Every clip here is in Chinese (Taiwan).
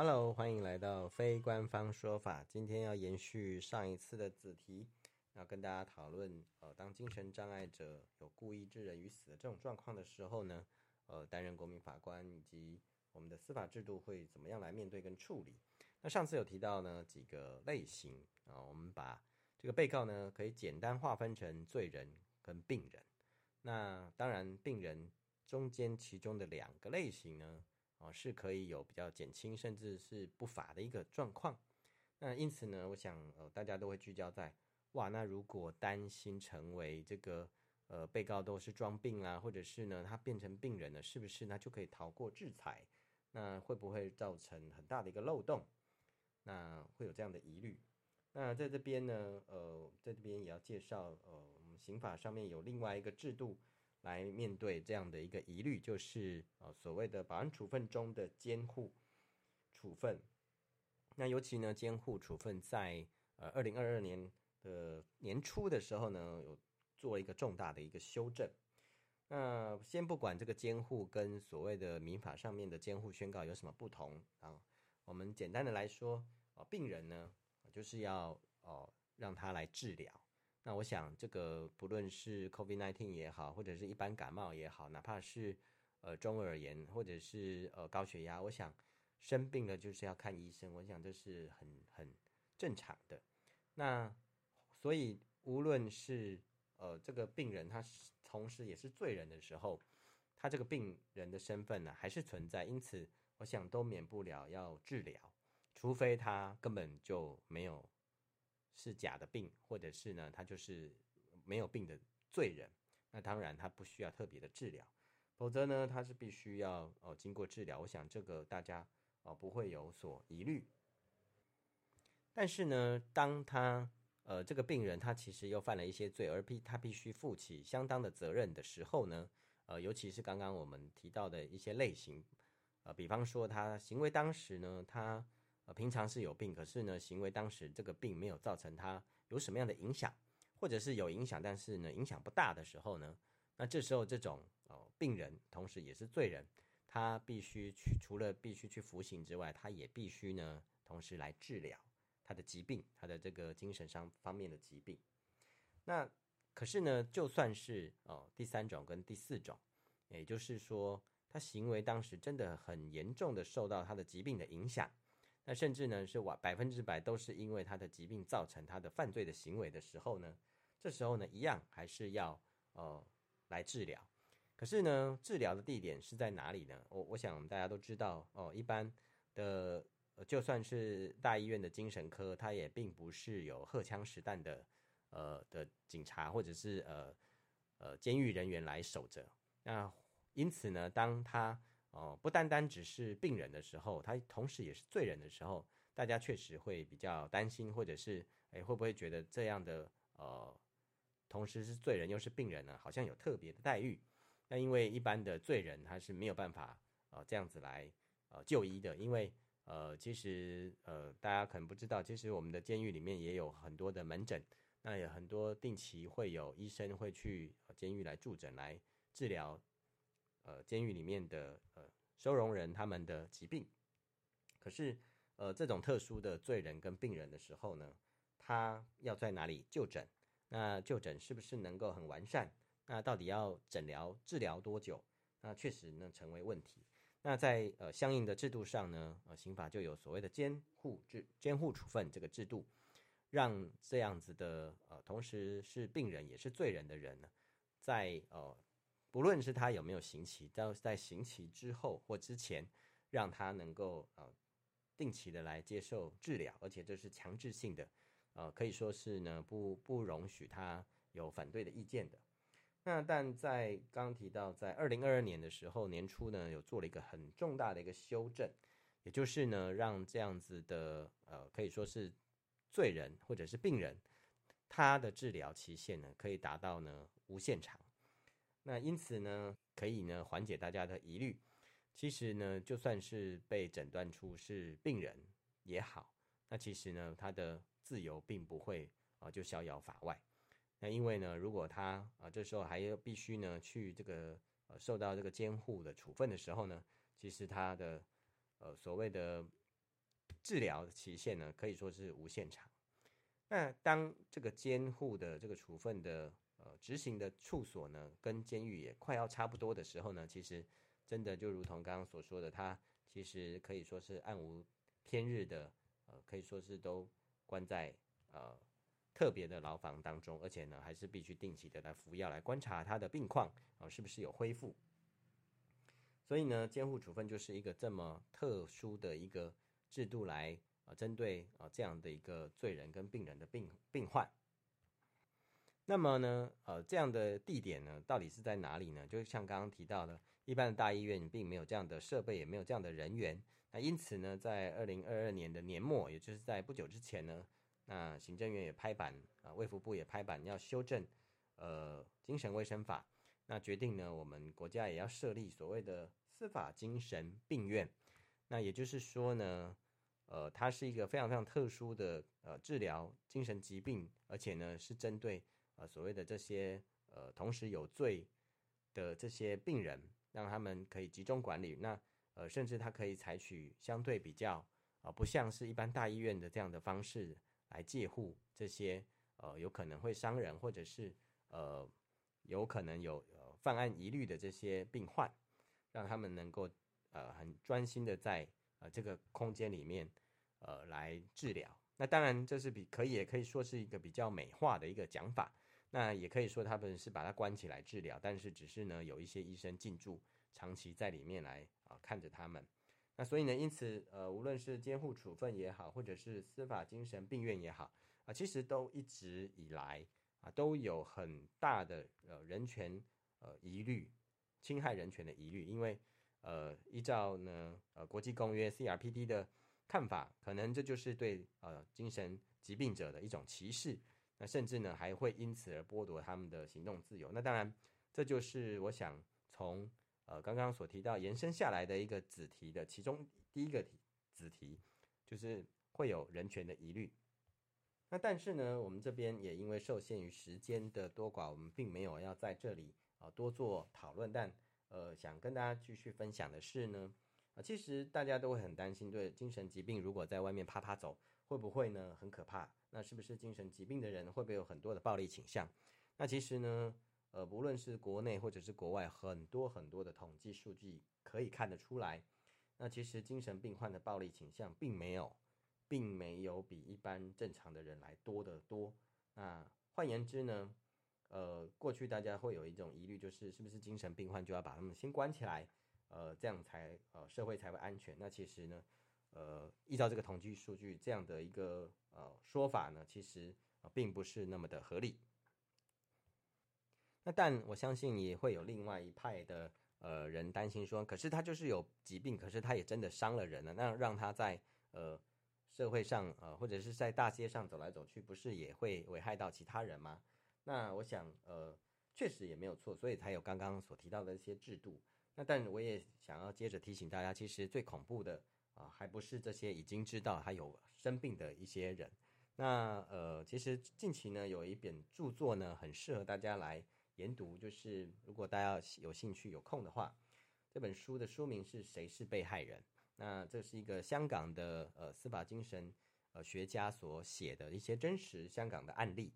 Hello，歡迎來到非官方說法。今天要延續上一次的子題，要跟大家討論，呃，當精神障礙者有故意致人於死的這種狀況的時候呢，呃，擔任國民法官以及我們的司法制度會怎麼樣來面對跟處理？那上次有提到呢幾個類型啊、呃，我們把這個被告呢可以簡單劃分成罪人跟病人。那當然，病人中間其中的兩個類型呢。哦、是可以有比較減輕，甚至是不罰的一個狀況。那因此呢，我想、呃、大家都會聚焦在哇，那如果擔心成為這個呃被告都是裝病啦、啊，或者是呢他變成病人了，是不是呢就可以逃過制裁？那會不會造成很大的一個漏洞？那會有這樣的疑慮。那在這邊呢，呃，在這邊也要介紹呃，刑法上面有另外一個制度。來面對這樣的一個疑慮，就是呃所謂的保安處分中的監護處分。那尤其呢，監護處分在呃二零二二年的年初的時候呢，有做一個重大的一個修正。那先不管這個監護跟所謂的民法上面的監護宣告有什麼不同啊，我們簡單的來說啊，病人呢就是要哦、啊、讓他來治療。那我想，這個不論是 COVID-19 也好，或者是一般感冒也好，哪怕是呃中耳炎，或者是呃高血壓，我想生病了就是要看醫生，我想這是很很正常的。那所以，無論是呃這個病人他同時也是罪人的時候，他這個病人的身份呢、啊、還是存在，因此我想都免不了要治療，除非他根本就沒有。是假的病，或者是呢，他就是沒有病的罪人。那當然，他不需要特別的治療。否則呢，他是必須要哦，呃，經過治療。我想這個大家哦，呃，不會有所疑慮。但是呢，當他呃這個病人他其實又犯了一些罪，而必他必須負起相當的責任的時候呢，呃，尤其是剛剛我們提到的一些類型，呃，比方說他行為當時呢，他，呃，平常是有病，可是呢，行為當時這個病沒有造成他有什麼樣的影響，或者是有影響，但是呢，影響不大的時候呢，那這時候這種哦，病人同時也是罪人，他必須去除了必須去服刑之外，他也必須呢，同時來治療他的疾病，他的這個精神上方面的疾病。那可是呢，就算是哦，第三種跟第四種，也就是說，他行為當時真的很嚴重的受到他的疾病的影響。那甚至呢是百分之百都是因為他的疾病造成他的犯罪的行為的時候呢，這時候呢一樣還是要呃來治療，可是呢治療的地點是在哪裡呢？我我想大家都知道哦、呃，一般的、呃、就算是大醫院的精神科，它也並不是有荷槍實彈的呃的警察或者是呃呃監獄人員來守着。那因此呢，當他。哦，不單單只是病人的時候，他同時也是罪人的時候，大家確實會比較擔心，或者是哎會不會覺得這樣的呃，同時是罪人又是病人呢？啊？好像有特別的待遇。那因為一般的罪人他是沒有辦法呃這樣子來呃就醫的，因為呃其實呃大家可能不知道，其實我們的監獄裡面也有很多的門診，那有很多定期會有醫生會去監獄來駐診來治療。呃，監獄裡面的呃收容人他們的疾病，可是呃這種特殊的罪人跟病人的時候呢，他要在哪裡就診？那就診是不是能夠很完善？那到底要診療治療多久？那確實能成為問題。那在呃相應的制度上呢，呃刑法就有所謂的監護制、監護處分這個制度，讓這樣子的呃同時是病人也是罪人的人呢，在呃。不論是他有沒有刑期，在在刑期之後或之前，讓他能夠呃定期的來接受治療，而且這是強制性的，呃，可以說是呢不不容許他有反對的意見的。那但在剛提到在二零二二年的時候年初呢，有做了一個很重大的一個修正，也就是呢讓這樣子的呃可以說是罪人或者是病人，他的治療期限呢可以達到呢無限長。那因此呢，可以呢緩解大家的疑慮。其實呢，就算是被診斷出是病人也好，那其實呢，他的自由並不會啊、呃、就逍遙法外。那因為呢，如果他啊、呃、這時候還要必須呢去這個、呃、受到這個監護的處分的時候呢，其實他的呃所謂的治療的期限呢，可以說是無限長。那當這個監護的這個處分的。呃，執行的處所呢，跟監獄也快要差不多的時候呢，其實真的就如同剛剛所說的，他其實可以說是暗無天日的，呃，可以說是都關在呃特別的牢房當中，而且呢，還是必須定期的來服藥來觀察他的病況啊、呃，是不是有恢復。所以呢，監護處分就是一個這麼特殊的一個制度來啊，呃、針對啊、呃、這樣的一個罪人跟病人的病病患。那麼呢，呃，這樣的地點呢，到底是在哪裡呢？就像剛剛提到的，一般的大醫院並沒有這樣的設備，也沒有這樣的人員。那因此呢，在二零二二年的年末，也就是在不久之前呢，那行政院也拍板，啊、呃，衛福部也拍板，要修正，呃，精神衛生法。那決定呢，我們國家也要設立所謂的司法精神病院。那也就是說呢，呃，它是一個非常非常特殊的呃治療精神疾病，而且呢是針對。呃，所謂的這些呃同時有罪的這些病人，讓他們可以集中管理。那呃，甚至他可以採取相對比較呃不像是一般大醫院的這樣的方式來戒護這些呃有可能會傷人或者是呃有可能有、呃、犯案疑慮的這些病患，讓他們能夠呃很專心的在呃這個空間裡面呃來治療。那當然，這是比可以也可以說是一個比較美化的一個講法。那也可以說他們是把他關起來治療，但是只是呢有一些醫生進駐，長期在裡面來啊看着他們。那所以呢，因此呃無論是監護處分也好，或者是司法精神病院也好，啊其實都一直以來啊都有很大的呃人權呃疑慮，侵害人權的疑慮，因為呃依照呢呃國際公約 CRPD 的看法，可能這就是對呃精神疾病者的一種歧視。那甚至呢，還會因此而剝奪他們的行動自由。那當然，這就是我想從呃剛剛所提到延伸下來的一個子題的其中第一個題子題，就是會有人權的疑慮。那但是呢，我們這邊也因為受限於時間的多寡，我們並沒有要在這裡啊、呃、多做討論。但呃，想跟大家繼續分享的是呢，呃、其實大家都會很擔心，對精神疾病如果在外面趴趴走。會不會呢？很可怕。那是不是精神疾病的人會不會有很多的暴力傾向？那其實呢，呃，不論是國內或者是國外，很多很多的統計數據可以看得出來，那其實精神病患的暴力傾向並沒有，並沒有比一般正常的人來多得多。那換言之呢，呃，過去大家會有一種疑慮，就是是不是精神病患就要把他們先關起來，呃，這樣才，呃，社會才會安全。那其實呢？呃，依照這個統計數據這樣的一個呃說法呢，其實，呃，並不是那麼的合理。那但我相信也會有另外一派的呃人擔心說，可是他就是有疾病，可是他也真的傷了人了，那讓他在呃社會上呃或者是在大街上走來走去，不是也會危害到其他人嗎？那我想呃確實也沒有錯，所以才有剛剛所提到的一些制度。那但我也想要接着提醒大家，其實最恐怖的。啊，還不是這些已經知道他有生病的一些人。那呃，其實近期呢有一本著作呢很適合大家來研讀，就是如果大家有興趣有空的話，這本書的書名是《誰是被害人》。那這是一個香港的呃司法精神呃學家所寫的一些真實香港的案例。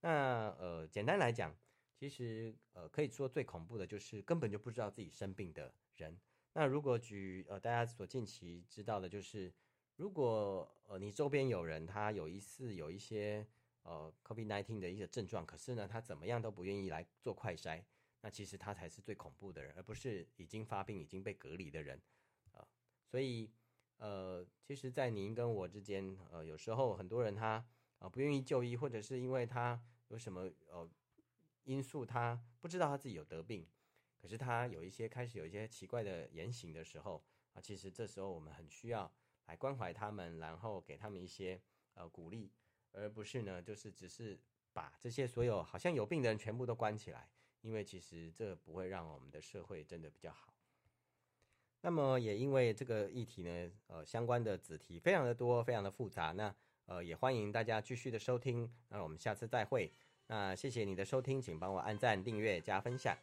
那呃，簡單來講，其實呃可以說最恐怖的就是根本就不知道自己生病的人。那如果舉呃，大家所近期知道的就是，如果呃你周邊有人，他有一次有一些呃 COVID-19 的一個症狀，可是呢他怎麼樣都不願意來做快篩，那其實他才是最恐怖的人，而不是已經發病已經被隔離的人啊、呃。所以呃，其實，在您跟我之間，呃，有時候很多人他啊、呃、不願意就醫，或者是因為他有什麼呃因素他，他不知道他自己有得病。可是他有一些開始有一些奇怪的言行的時候啊，其實這時候我們很需要來關懷他們，然後給他們一些呃鼓勵，而不是呢就是只是把這些所有好像有病的人全部都關起來，因為其實這不會讓我們的社會真的比較好。那麼也因為這個議題呢，呃，相關的子題非常的多，非常的複雜。那呃也歡迎大家繼續的收聽，那我們下次再會。那謝謝你的收聽，請幫我按讚、訂閱、加分享。